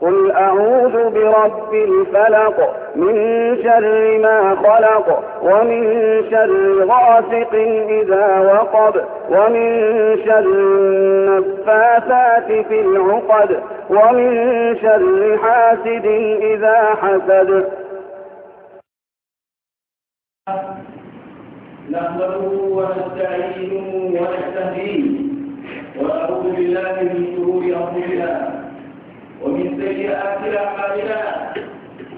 قل أعوذ برب الفلق من شر ما خلق ومن شر غاسق إذا وقب ومن شر النفاثات في العقد ومن شر حاسد إذا حسد نحمده ونستعينه ونستهديه ونعوذ بالله من شرور أنفسنا ومن سيئات أعمالنا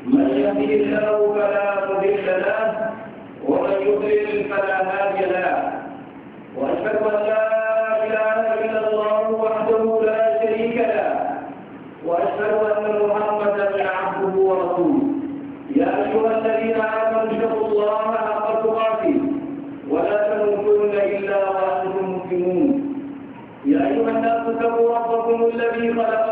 من يهدي الله فلا مضل له ومن يضلل فلا هادي له وأشهد أن لا إله إلا الله وحده لا شريك له وأشهد أن محمدا عبده ورسوله يا أيها الذين آمنوا اتقوا الله حق تقاته ولا تموتن إلا وأنتم مسلمون يا أيها الناس اتقوا ربكم الذي خلقكم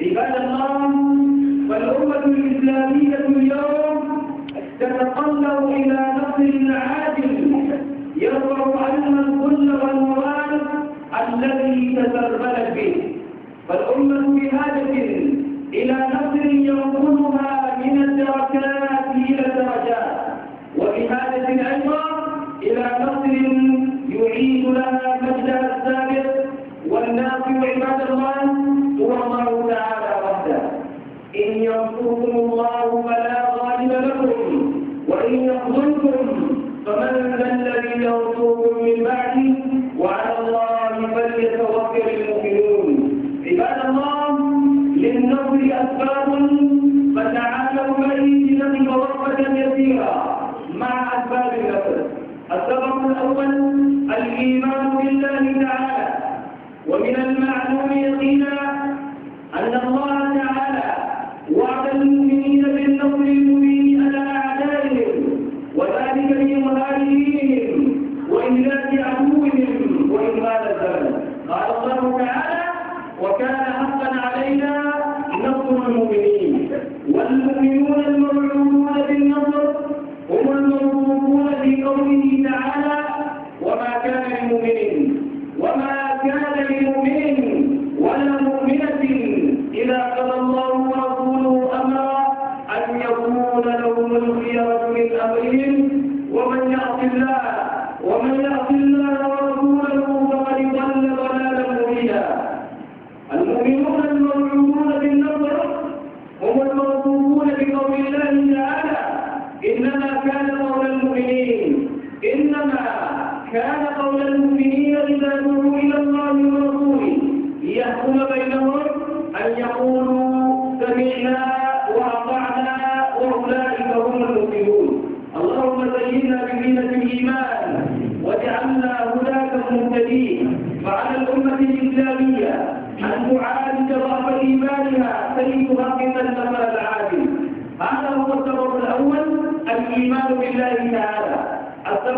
عباد الله والأمة الإسلامية اليوم تتطلع إلى نصر عادل يرفع عنها الكل والمراد الذي تزربلت به والأمة بحاجة إلى نصر ينقلها من الدركات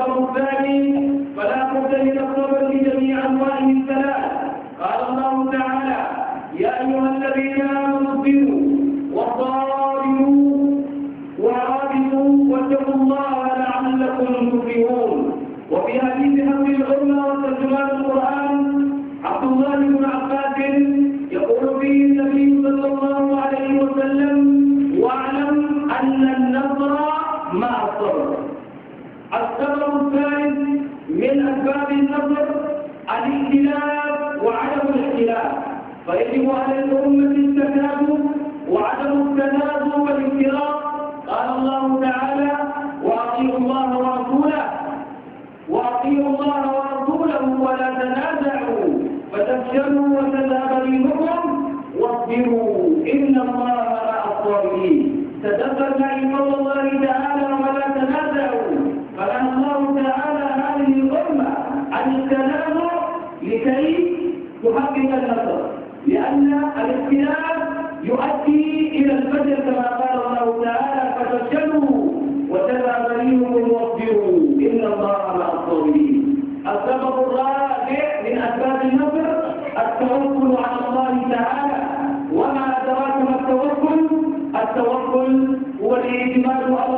الثاني فلا بد من الصبر في جميع انواعه الثلاث قال الله تعالى يا ايها الذين امنوا اصبروا وصابروا وعابدوا واتقوا الله لعلكم تفلحون وفي حديث حفظ العلمى وترجمان القران عبد الله بن عباس يقول فيه النبي باب النظر الاختلاف وعدم الاختلاف فيجب على الأمة التكافؤ وعدم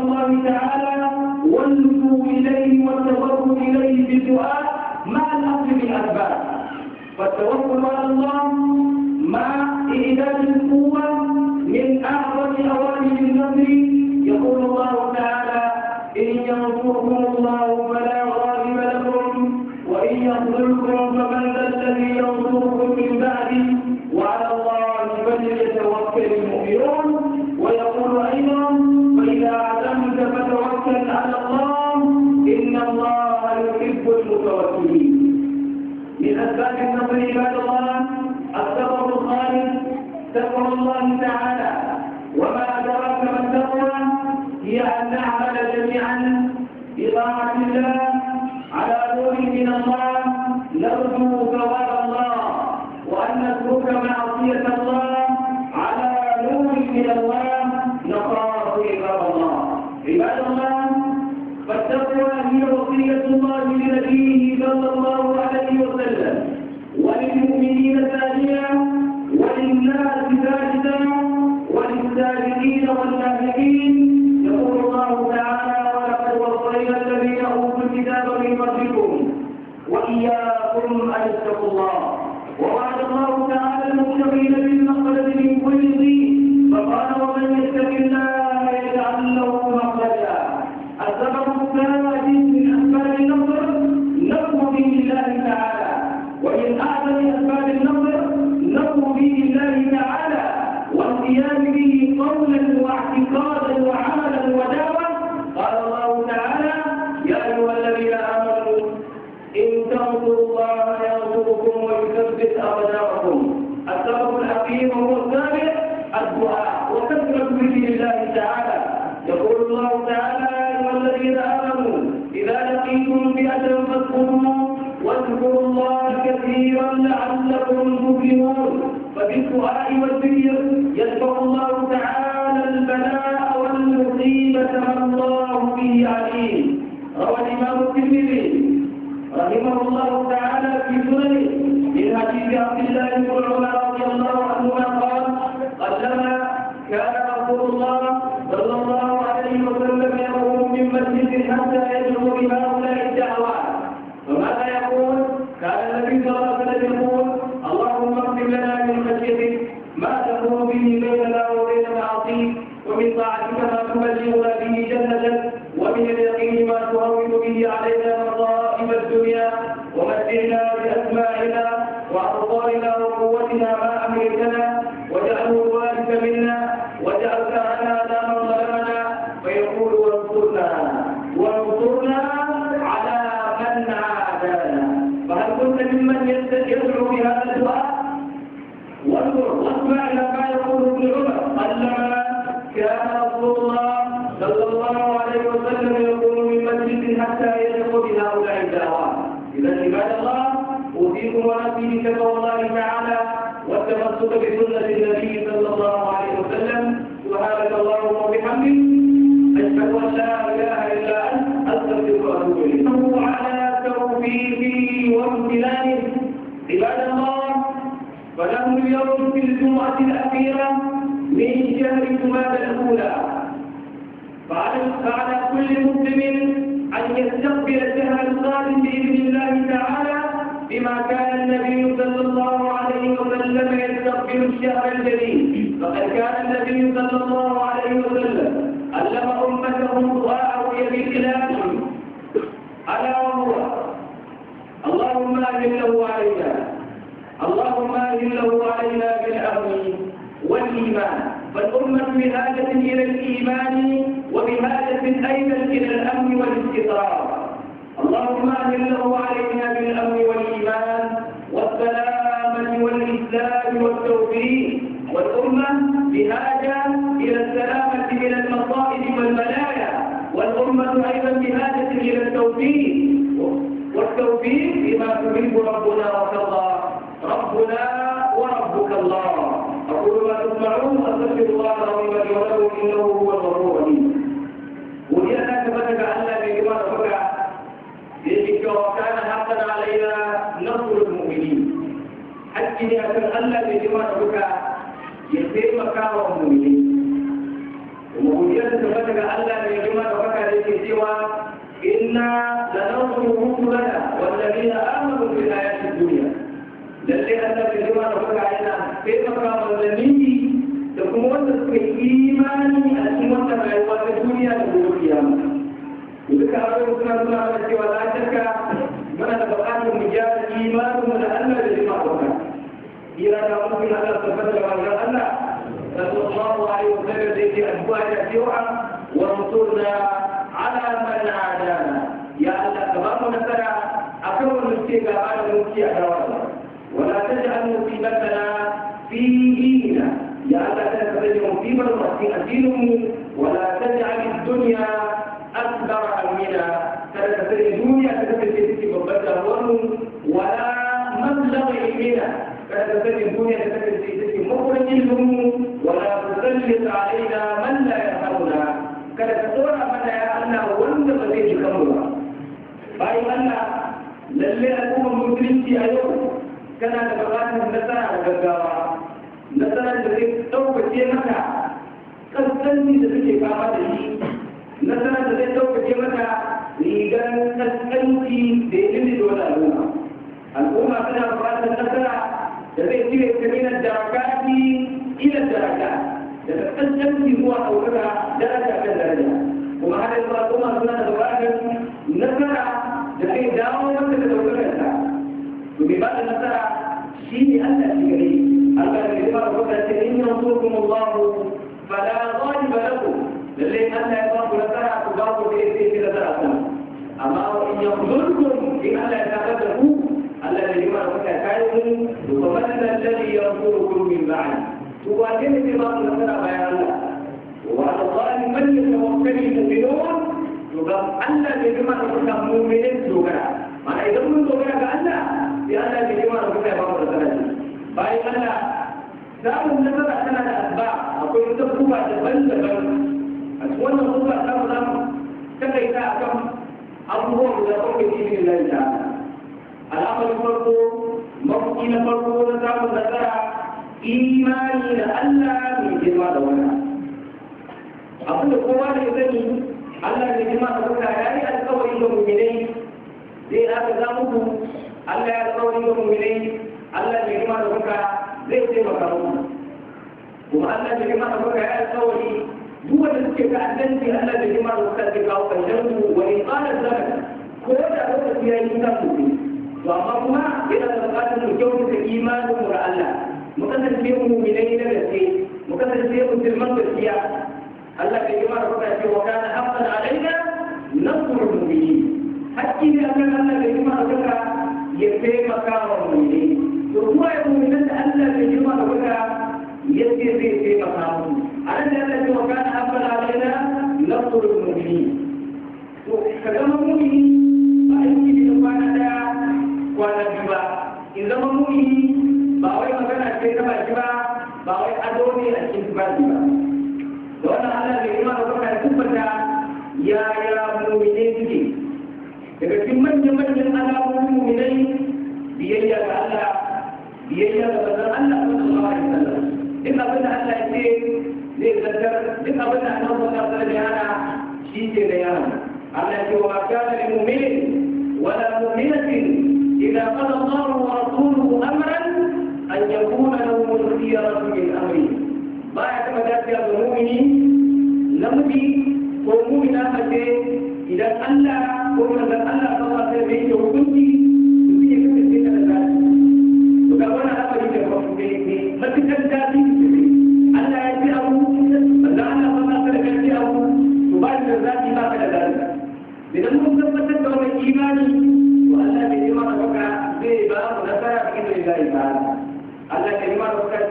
الله تعالى والجوا إليه والتوكل إليه بالدعاء مع الأخذ بالأسباب فالتوكل على الله مع إعداد القوة من أعظم أوامر النذر يقول الله تعالى إن ينصركم الله فلا غالب لكم وإن يخذلكم أيضا عباد الله التقوى الخالد تقوى الله تعالى وما أدراك ما التقوى هي أن نعمل جميعا بطاعة الله بفضلكم وإياكم أن اتقوا الله ووعد الله تعالى المتقين بالمخلد من كل ضيق كان رسول الله صلى الله عليه وسلم يقوم من مسجد حتى يدعو بهؤلاء الدعوات وماذا يقول؟ كان النبي صلى الله موت هؤلاء إذا عباد الله أوصيكم ونفسي تقوى الله تعالى والتمسك بسنة النبي صلى الله عليه وسلم سبحانك اللهم وبحمدك أشهد أن لا إله إلا أنت أستغفرك وأتوب إليك على توفيقه وامتنانه عباد الله فنحن اليوم في الجمعة الأخيرة من شهر جماد الأولى فعلى كل مسلم أن يستقبل الصادق بإذن الله تعالى بما كان النبي صلى الله عليه وسلم يستقبل الشهر الجديد فقد كان النبي صلى الله عليه وسلم علم أمته دعاءه يبي بكلام على وهو اللهم أجله علينا اللهم أجله علينا بالأمن والإيمان فالأمة بحاجة إلى الإيمان وبحاجة أيضا إلى الأمن والاستقرار اللهم أهله علينا بالأمن والإيمان والسلامة والإسلام والتوفيق والأمة بحاجة إلى السلامة من المصائب والبلايا والأمة أيضا بحاجة إلى التوفيق والتوفيق بما تحب ربنا وترضى ربنا وربك الله أقول ما تسمعون أستغفر الله العظيم لي ولكم إنه هو الغفور الرحيم ولأنك فتك ألا بإجمال لذلك وكان حقا علينا نصر المؤمنين حتى أن الله بجمع ربك يسير مكان المؤمنين ومقولية تبتك الله بجمع ربك التي سوى إنا لننصر رسلنا والذين آمنوا في الحياة الدنيا لذلك أن بجمع ربك علينا سير مكان المؤمنين da kuma wanda suka imani a cikin wannan rayuwa ta duniya da duka abin suna suna mana cewa la shakka da buƙatar mu gyara imanin mu da Allah da jima ɗauka ira da mutum Allah tabbata da wannan Allah sallallahu alaihi wa sallam da yake addu'a da cewa wa ala man adana ya Allah ka ba mu nasara akan suke da mu lallai al'ummar musulunci a yau kana da buƙatar nasara da gaggawa Nasara da zai ɗaukace maka ƙasƙanci da suke fama da shi Nasara da zai ɗaukace maka rigar ƙasƙanci da ya nuna da wani al'umma al'umma suna buƙatar nasara da zai cire ka da darakati ila daraka da ƙasƙanci zuwa ɗaukaka daraja kan daraja kuma har yanzu al'umma suna da buƙatar nasara لكن دعوة مثل الوكرة لها وببعض المسارة شيء أنت تكريم أبدا لكبار وكرة إن ينصركم الله فلا ظالب لكم للي أنت يطاق لسارة تباقوا بإذن في لسارة أما إن ينصركم إن ألا يتعبدكم ألا لكبار وكرة فعلكم فمن الذي ينصركم من بعد وواجهة بعض المسارة بيان الله وعلى الظالم من يتوقفني مؤمنون dogara Allah bai gama da kuka mu mene dogara mana idan mun dogara ga Allah ya Allah bai gama da kuka ba mu da sanaci bayan Allah samun nasara tana da asba akwai wata kuma daban-daban a cikin wannan kuma ta mu zamu takaita akan abubuwan da kuka yi ne da ta Alamar farko mafi na farko na samun nasara imani da Allah mai girma da wannan abinda kowa da ya sani Allah ne kuma ka kuka ya yi alƙawari ga mu'minai zai aka za muku Allah ya alƙawari ga mu'minai Allah ne kuma ka kuka zai taimaka muku kuma Allah ne kuma ka kuka ya alƙawari duk wanda suke ka addanci Allah ne kuma ka kuka zai kawo ƙarshen su wani ƙarar zaman ko da lokaci ya yi kan mu'minai to amma kuma yana da buƙatar mu kyau kyautata imanin mu ga Allah mu kasance mu'minai na gaske mu kasance mu musulman gaskiya Allah bai gima da kuka ce wa kana nasrul mu'minin hakki ne Allah da kuka ya taimaka wa to kuma ya mu'minin da Allah da ya ce zai mu da ce wa kana nasrul mu'minin to ka zama mu'mini ba a yi da kwana daya kwana biyu ba in zama mu'mini ba wai magana ce ta baki ba ba wai ado ne a cikin ba yaya mu'minai suke daga cikin manyan manyan alamomin mu'minai biyayya ga Allah biyayya ga manzon Allah idan mun tabbatar da imani to Allah bai yi mana baka ba mu nasara cikin da ya ba Allah bai yi mana baka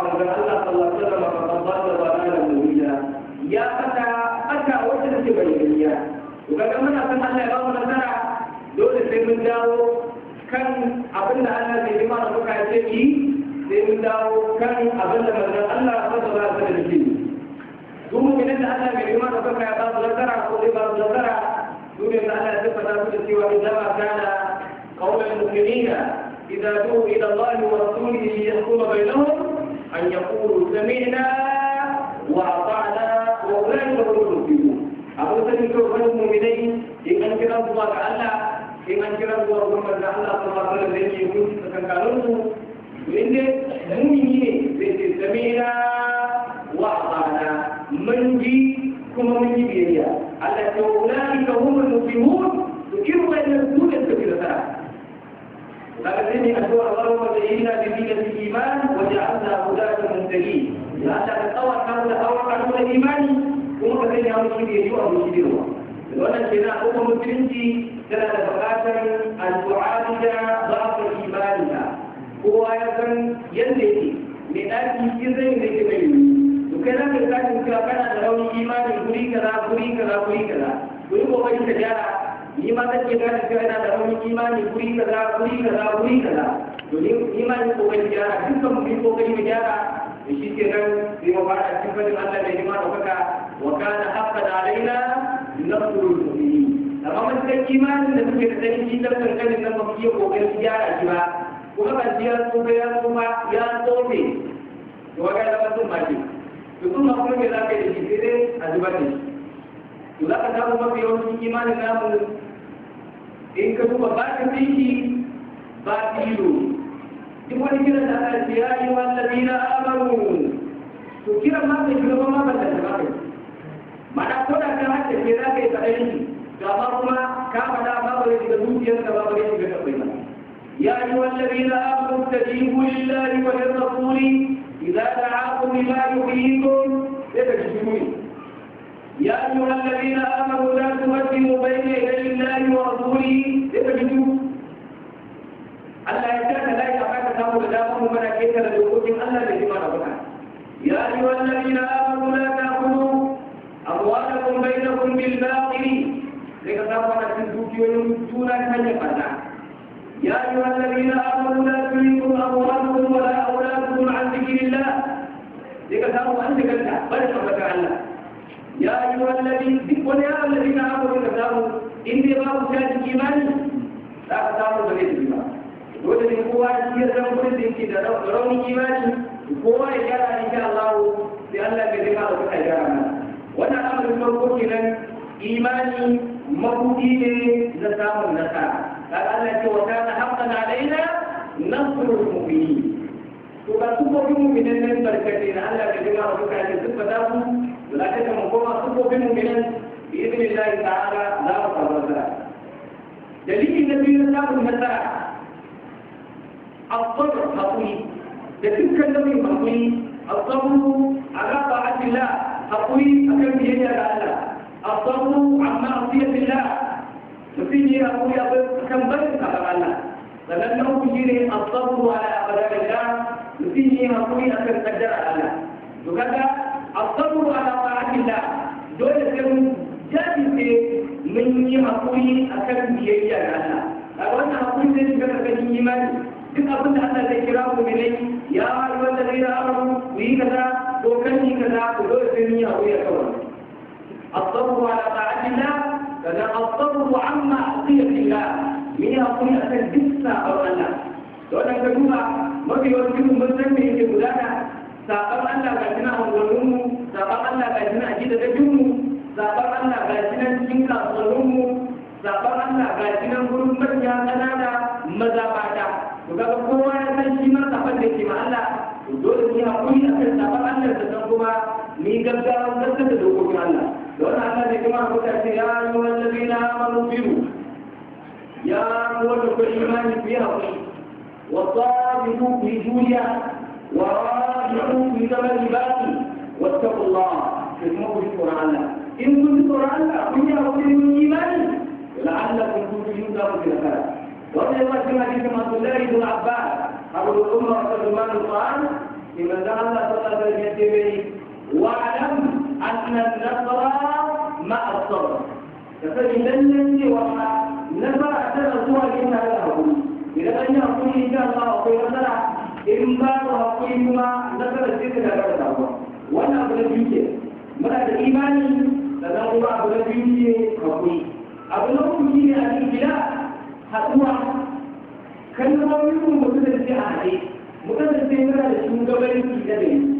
man saba Allah saba Allah sallallahu alaihi bayyaniya to kaga muna san Allah ya ba mu nasara dole sai mun dawo kan abin da Allah bai yi mana baka yi sun dawo kan abin da manzon Allah ya fasa za su da shi su mu'minin da Allah mai rima da kanka ya ba su nasara ko zai ba su nasara su ne da Allah ya tabbata su da cewa idan ma kana qaulul mu'minina idza du'u ila Allah wa rasulihi yahkum bainahum an yaqulu sami'na wa ata'na wa ulaika hum al-muflihun abu sani ko kan mu'minai in an kira zuwa ga Allah in an kira zuwa ga Allah sallallahu alaihi wa sallam da yake hukunci tsakankaninsu inda mumini ne zai ce samina wa amana mun ji kuma mun yi biyayya Allah ta wulani ka humar musulmun su kirwa yana zuwa su fi nasara kaga sai ne addu'a Allah wa zayyina bi dinil iman wa ja'alna hudatan muhtadin ya ta tsawa kan da awakan da imani kuma ka sai ya mushi da yiwa mushi da wannan kenan ko musulunci tana da buƙatar al-du'a kowa ya san yadda yake mai ɗaki in zai ne ke mai to kai za ka yi tashin cewa kana da rauni imanin kuri kaza kuri kaza kuri kaza to yi kokari ka gyara ni ma zan iya gane cewa yana da rauni imanin kuri kaza kuri kaza kuri kaza to ni ma yi kokari gyara dukkan mu yi kokari mu gyara da shi ke nan sai mu fara cikin fadin Allah mai nima ɗaukaka wa kana da alaina nasrul mu'minin amma mun san imanin da muke da shi dan kankanin nan ba mu iya kokarin gyara shi ba kuma ba shi ya tsufa ya kuma ya tsofe to waga da wasu sun mace to sun ma kuma me za ka yi da shi sai a zubar da shi to za ka samu mafi cikin imanin namu in ka kuma ba ka fiki ba tilo duk wani kiran da aka ce ya yi wallafi na amaru to kiran ma ka shiga ma ba ta ba kai mana ko da ka hada ke za ka yi kaɗai ga ma kuma ka faɗa ba ba zai shiga zuciyarka ba ba zai shiga kaɗai ba يا أيها الذين آمنوا استجيبوا لله وللرسول إذا دعاكم لما يحييكم فتجزموني يا أيها الذين آمنوا لا تقدموا بين يدي الله ورسوله فتجزموا ألا يكاد لا يعفاك تامو لداكم من أكيد لدخولهم ألا الذي ما يا أيها الذين آمنوا لا تأخذوا أموالكم بينكم بالباطل لكن تامو أنا سنتوكي ونمتونا كان يقدر يا أيها الذين آمنوا لا تلهكم أموالكم ولا أولادكم عن ذكر الله لكثروا أنك الله بل شرك الله يا أيها الذين قل الذين آمنوا كثروا إني باب شاهد إيماني لا كثروا بغير الإيمان dole ne kowa shi ya san kudin da yake da raunin imani kowa ya gyara insha Allah sai Allah ya zai kawo kuka gyara wannan amurin farko imani mabudi ne na samun التي وكان حقا علينا نصر المؤمنين سورة سورة من من بركتين ألا كجمع ربك على الزفة دابو ولكن من قوة سورة مؤمنين بإذن الله تعالى لا ذلك. دليل النبي الله وسلم الصبر حقوي لكن كان لم يحقوي الصبر على طاعة الله أكمل يدي على الله الصبر عن معصية الله mutum yi abu ya bar kan barin sabon Allah sannan na uku shi ne a asabu ala abada da mutum yi hakuri a kan kaddara Allah to kaga asabu ala ta'atilla dole sai mun jajirce mun yi hakuri a kan biyayya da Allah a wannan hakuri zai shiga karkashin imani duk abin da Allah zai kira ku ne ya yi wanda zai da ku yi kaza ko kan yi kaza ku dole sai mun yi hakuri a kan العفو عما أطيع الله من أقول أكن جسنا أو أنا لأن كدوما ما في وقت من زمن يقولنا saƙon Allah ga tana hangarinmu saƙon Allah ga tana gida da jinmu Allah ga tana cikin kasuwarinmu saƙon Allah ga tana gurin manya ƙanana mazabata Ku kaga kowa ya san shi ma da ke Allah to dole ne hakuri Allah da kuma ni gaggawa gaskata dokokin Allah don haka ne kuma kuka ce ya yi wallabi na amanu biyu ya yi wanda ku imani ku yi haƙuri wa tsabiru ku yi juriya wa rabiru ku yi zama libati wa taɓullah ku kuma ku yi tsoron Allah in kun ji tsoron Allah kun yi haƙuri kun yi imani la'allakum tuflihun za ku fi nasara wannan ya ce ma cikin masu lari ibn abbas abu da kuma wasu zumanin ƙwa'an in manzan Allah sallallahu alaihi wa sallam ya ce bai wa'alam أن النصر مع الصبر فإن لم ينجي وحا نفر أعتبر سوى إنها لا أقول إذا أن أقول إن الله أقول مثلا إن بعض أقول ما نفر لا تتعوى وأنا أقول لك muna da imani da za mu ba abu na biyu ne hakuri abu na uku ne a cikin gida haɗuwa kalmomin mu mutu da shi a haɗe mu da gari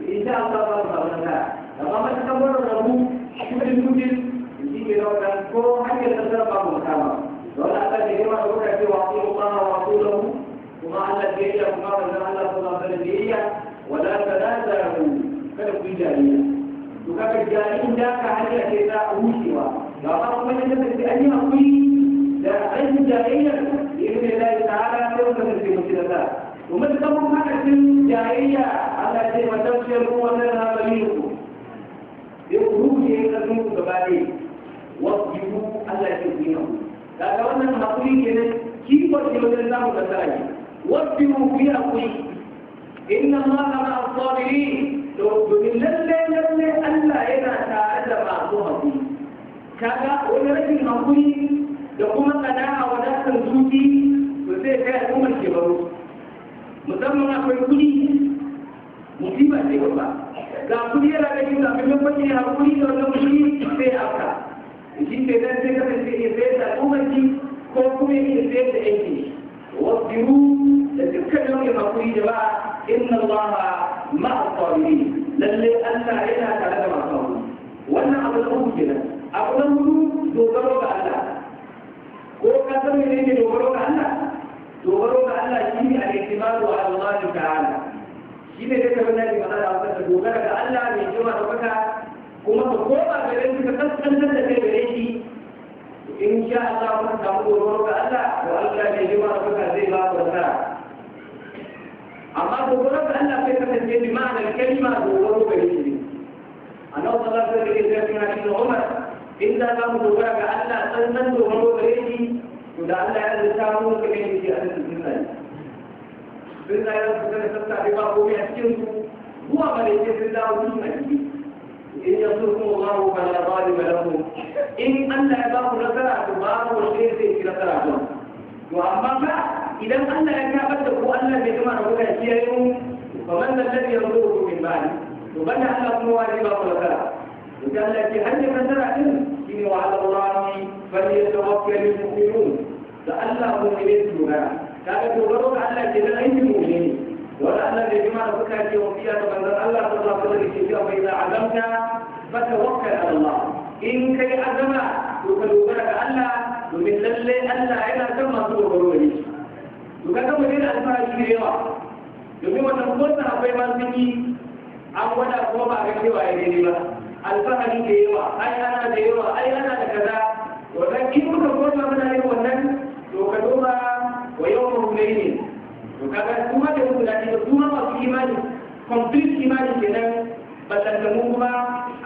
insha Allah ba su samu nasara amma matakan wannan rabu cikin mutum shi ke da wannan ko hanyar nasarar ba mu kama dole Allah a ya mana ke cewa ku kuma wa ku lahu kuma Allah ke yi kuma wannan Allah kuma sai da yiya wala tanazaru kada ku yi to kaga jariyin da ka hanya ce za a wucewa ga ba kuma ne da an yi hakuri da an yi jariyar ibn Allah ta'ala sai ka tafi mutum da ومن ثم حدث جاهلية التي وتبشر ومنها بليغ يخرج يكتب ببالي واسجدوا ألا يؤمنوا kaga wannan hakuri kenan ki kwace wajen zamu da tsari wasbiru fi hakuri inna allaha ma as to domin lalle lalle Allah yana eh, tare da masu hakuri kaga wani rashin hakuri da kuma tsada a wadatar zuci to sai kai al'ummar ke baro musamman akwai kuɗi musiba ce ba ga kuɗi yana da shi zafi mai kwanci ya kuɗi da wannan mushi sai ya afka shi sai dan sai kasance ya sayar da umarci ko kuma ya sai da wasu wasbiru da dukkan yau nau'in hakuri da ba inna allaha ma'a sabirin lalle Allah yana tare da masu hakuri wannan abu da uku kenan abu na hudu dogaro ga Allah ko ka san menene dogaro ga Allah dogaro ga Allah shi ne al-i'timadu ala Allah ta'ala shi ne daga kamar da magana a wata dogara ga Allah mai jima da baka kuma ka koma ga shi ka kaskantar da kai gare shi in sha Allah mun samu dogaro ga Allah to Allah mai jima da baka zai ba ku nasara amma dogaro ga Allah sai ka tafi bi ma'anar kalma dogaro ga A shi annabi sallallahu alaihi wasallam ya shi da Umar in za ka mu dogara ga Allah sannan dogaro ga shi ولعل هذا الشعب كما يجي أهل الجنة بإذن الله سبحانه وتعالى بقوم يحكمه هو من يجب الله الجنة إن ينصركم الله فلا غالب لكم إن أن أباه نزرع تبارك والخير في نزرع وأما بعد إذا أن أكابته أن لم يجمع هنا فمن الذي ينظره من مال ومن أن واجب ونزرع وجعل في حج نزرع إن وعلى الله فليتوكل المؤمنون da Allah ko ne su dogara kaga dogaro ga Allah ke nan aikin mu ne wanda Allah ne jima da kuka ce wa fiya da manzon Allah sallallahu alaihi wasallam ke cewa fa idza azamta fa tawakkal ala Allah in kai azama to ka dogara ga Allah domin lalle Allah yana kan masu dogaro ne to kaga mu ne alfahari da yawa domin wannan kosa akwai ma sun yi an gwada kuma ba ga cewa ya daidai ba alfahari da yawa ai ana da yawa ai ana da kaza wannan in muka koma muna yin wannan to ka wa yau ma ne to kaga su ma da guda ne su ma imani complete imani kenan ba mu kuma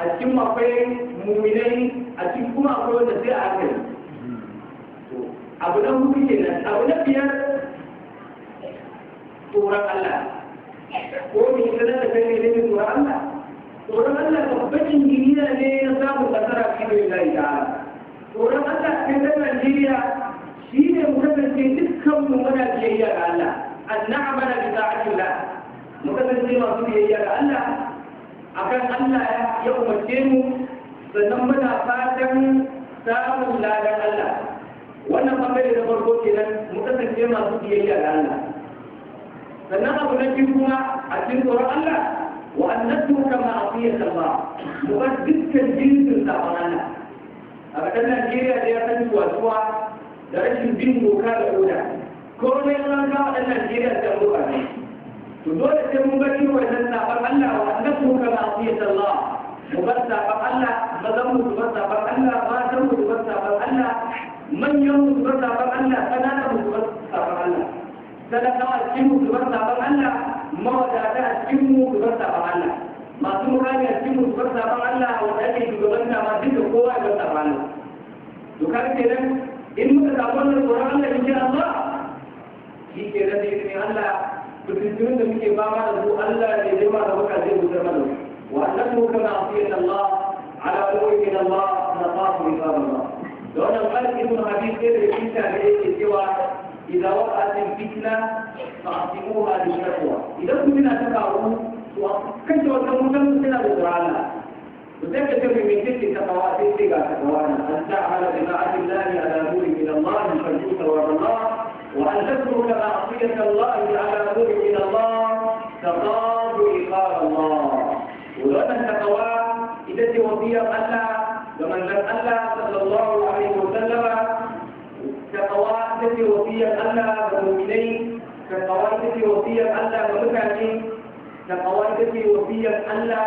a cikin akwai muminai a cikin kuma akwai wanda sai a hankali abu na hudu kenan abu na biyar tsoron Allah ko me sanar da kai ne tsoron Allah tsoron Allah babban injiniya ne ya samu kasara fi da Allah tsoron Allah kai da Najeriya shi ne mu kasance dukkan mu muna biyayya ga Allah an na'amala bi ta'atillah mu kasance masu biyayya ga Allah akan Allah ya umarce mu sannan muna fatan samun ladan Allah wannan bangare da farko kenan mu kasance masu biyayya ga Allah sannan abu na biyu kuma a cikin tsoron Allah wa annatu kama asiyat Allah mu bar dukkan jinsin sabon Allah a ƙasar Najeriya da ya san tuwa da rashin bin doka da oda komai an ka waɗannan jeriya ta ruka ne to dole sai mun ga cewa wannan sabon Allah wa annabu ka ma'asiyat Allah mu bar sabon Allah mazan mu bar sabon Allah matan mu bar sabon Allah manyan mu bar sabon Allah kananan mu bar sabon Allah sadakawa cikin mu bar sabon Allah mawadata a cikin mu bar sabon Allah masu murani a cikin mu bar sabon Allah wa ake shugabanta ma duka kowa ya bar sabon Allah to kaga kenan in muka samu wannan tsoron Allah in Allah shi ke da Allah fitattun da muke fama da su Allah ne a ba da baka zai gusar mana wa annabu kama asiyan Allah ala qawmin Allah na fasu bi Allah da wannan malik ibn habib da shi ta da yake cewa idan wa'atin fitna fa'timuha bi shaqwa idan ta kawo to kace wannan mutum suna da tsoron Allah وتذكر من تلك تقواتك تقوانا أن تعمل بطاعة الله على نور من الله فجوت ورد الله وأن كما معصية الله على نور من الله تقاض إقار الله ولأن التقوات إذا توفي ألا ومن لم ألا صلى الله عليه وسلم تقوى إذا توفي ألا ومؤمنين تقوى إذا توفي ألا ومكانين تقوان تكي وفيا ألا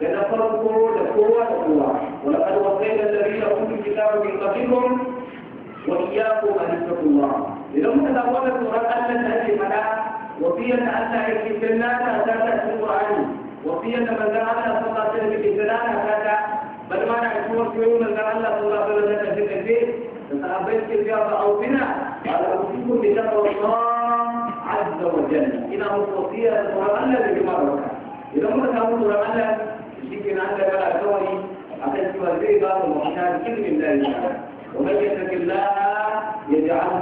لنفرقوا لقوة لقوة ولقد وصينا الذين أوتوا الكتاب من قبلكم وإياكم أن اتقوا الله إذا كنت تقول القرآن ألا تأتي فلا وفيا ألا يكفي سنانا في القرآن وفيا من ذا ألا صلى الله عليه وسلم سنانا بل ما نعرفه في يوم من ذا ألا صلى الله عليه وسلم ذات الفيل فسأبيت أو بنا قال أوصيكم بتقوى الله wajen ina musu wasiya da tsoron Allah da jima wata idan muka samu tsoron Allah shi ke Allah gara kawai a kan cewa zai ba mu mafita da kirkin da ya wa man ya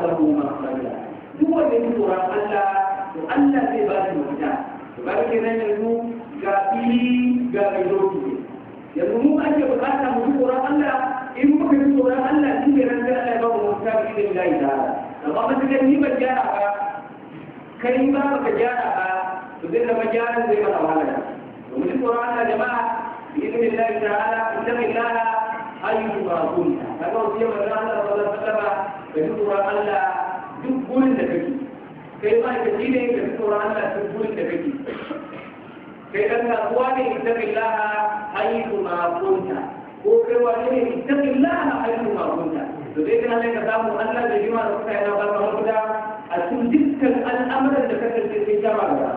lahu makhraja duk wanda ya tsoron Allah to Allah zai ba shi mafita to ba ke nan yanzu ga fili ga mai doki yanzu mu ake bukata mu ji Allah in muka yi tsoron Allah shi ne nan da Allah ya ba mu mafita da kirkin da ya amma matakar ni ban gyara ba kai ma baka gyara ba to zai zama gyaran zai masa wahala domin tsoron Allah jama'a bi izinin ta'ala kusan Allah ayyuka ba kaga wasu yamma Allah ba za ta taba ka ji tsoron Allah duk gurin da kake kai ma ka ji ne ka ji Allah duk gurin da kake kai dan kasuwa ne kusan Allah ayyuka ba ko kai wani ne kusan Allah ayyuka ba to dai kana ne ka samu Allah da jima da kuka yana ba ka mutunta a cikin dukkan al'amuran da kasance sai ta ba ga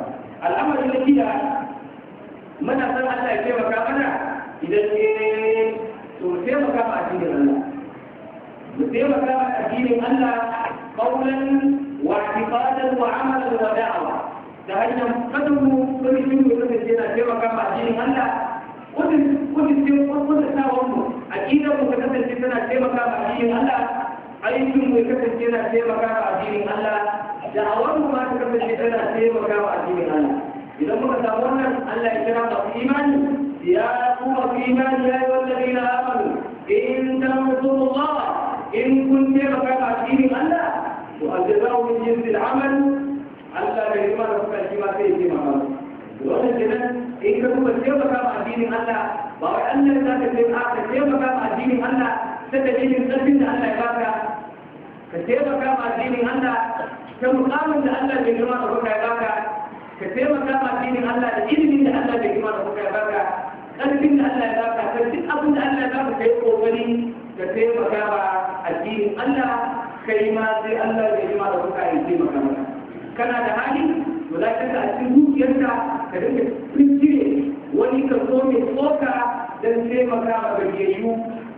al'amarin da kida muna san Allah ya taimaka mana idan ke to taimaka ma addinin Allah mu taimaka ma addinin Allah qawlan wa i'tiqadan wa amalan wa da'wa da hanyar kadunmu kuma shi ne kuma ce na taimaka ma addinin Allah kudin kudin ce kudin tawon mu aqidar mu kasance tana taimaka ma addinin Allah aikin mai kasance na taimaka wa addinin Allah da'awar mu ma ta kasance tana taimaka wa addinin Allah idan muka samu wannan Allah ya kira masu imani ya ku masu imani ya yi wallafi na amanu in tanzuru Allah in kun taimaka wa addinin Allah to aljaza'u min jinsil amal Allah bai kuma da kuka shi ma sai ya taimaka musu wannan kenan in ka kuma taimaka wa addinin Allah ba wai Allah za ka taimaka wa addinin Allah ta dalilin ƙarfin da Allah ya baka ka taimaka ma addinin Allah ta mukamin da Allah bai girma da kuka baka ka taimaka ma addinin Allah da ilimin da Allah bai girma da kuka baka karfin da Allah ya baka ka duk abin da Allah ya baka kai kokari ka taimaka ma addinin Allah kai ma sai Allah bai girma da kuka ya taimaka maka kana da hali to za ka a cikin zuciyarka ka dinga kirkire wani ka so mai tsoka don taimaka ma gajiyayyu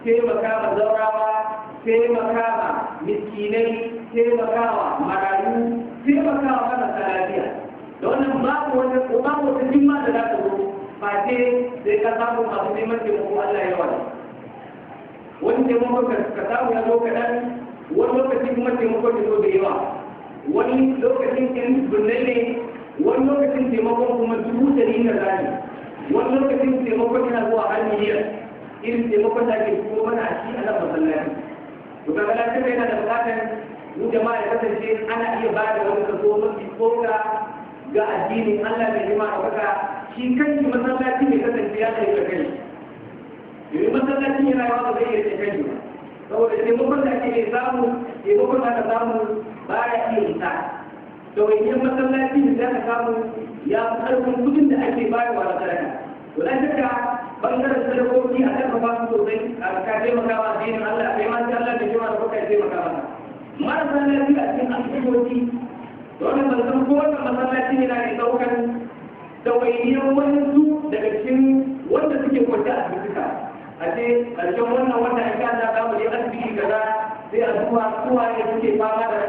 taimaka ma zaurawa taimakawa miskinai taimakawa marayu taimakawa marasa lafiya da wannan babu wani ko babu wata jimma da za ta zo ba sai sai ka samu masu neman taimako Allah ya wani wani taimako ka samu ya zo kaɗan wani lokaci kuma taimako ya zo da yawa wani lokacin kan birnin ne wani lokacin taimakon kuma dubu ɗari na zani wani lokacin taimakon yana zuwa har miliyan irin taimakon da ake kuma mana a shi a nan masallaci to kaga nan duka yana da bukatar mu jama'a ya kasance ana iya ba da wani kaso mafi koga ga addinin Allah mai jima a kaka shi kanki masallaci mai kasance ya tsaye da kai domin masallacin yana yawa ba zai iya tsaye kai ba saboda taimakon da ake samu taimakon da samu ba ya iya isa to wani masallaci da aka samu ya fi ƙarfin kudin da ake bayarwa da sadaka Bulan duka bangaren sadakoki a kan ba su sosai a ka taimaka ma addinin Allah kai ma sai Allah da jima da kuka taimaka mana. Marasa lafiya a cikin asibitoci dole ban san ko wannan masallaci ne na ne daukan dawainiyar wani su daga cikin wanda suke kwanta a asibitita. A ce ƙarshen wannan wanda aka za mu sai a zuwa suwaye suke fama da